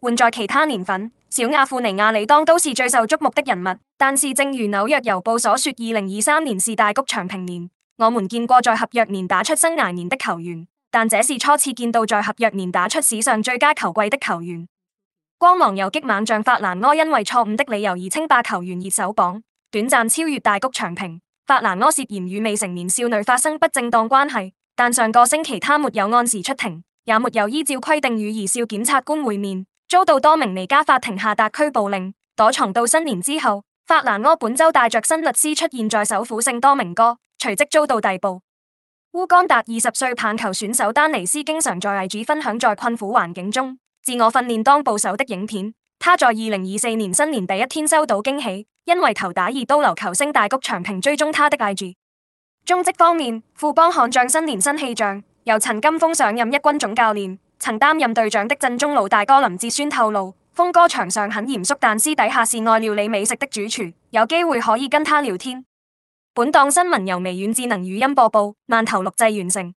換在其他年份，小阿庫尼亞理當都是最受矚目的人物。但是，正如紐約郵報所說，二零二三年是大谷翔平年。我們見過在合約年打出生涯年的球員，但這是初次見到在合約年打出史上最佳球季的球員。光芒游擊猛將法蘭柯因為錯誤的理由而稱霸球員熱搜榜，短暫超越大谷翔平。法蘭柯涉嫌與未成年少女發生不正當關係，但上個星期他沒有按時出庭，也沒有依照規定與兒少檢察官會面。遭到多明尼加法庭下達拘捕令，躲藏到新年之後。法蘭柯本周帶着新律師出現在首府聖多明哥，隨即遭到逮捕。烏干達二十歲棒球選手丹尼斯經常在 IG 分享在困苦環境中自我訓練當捕手的影片。他在二零二四年新年第一天收到驚喜，因為投打二刀流球星大谷翔平追蹤他的 IG。中職方面，富邦悍將新年新氣象，由陳金峰上任一軍總教練。曾擔任隊長的陣中老大哥林志軒透露，峰哥場上很嚴肅，但私底下是愛料理美食的主廚，有機會可以跟他聊天。本檔新聞由微軟智能語音播報，慢頭錄製完成。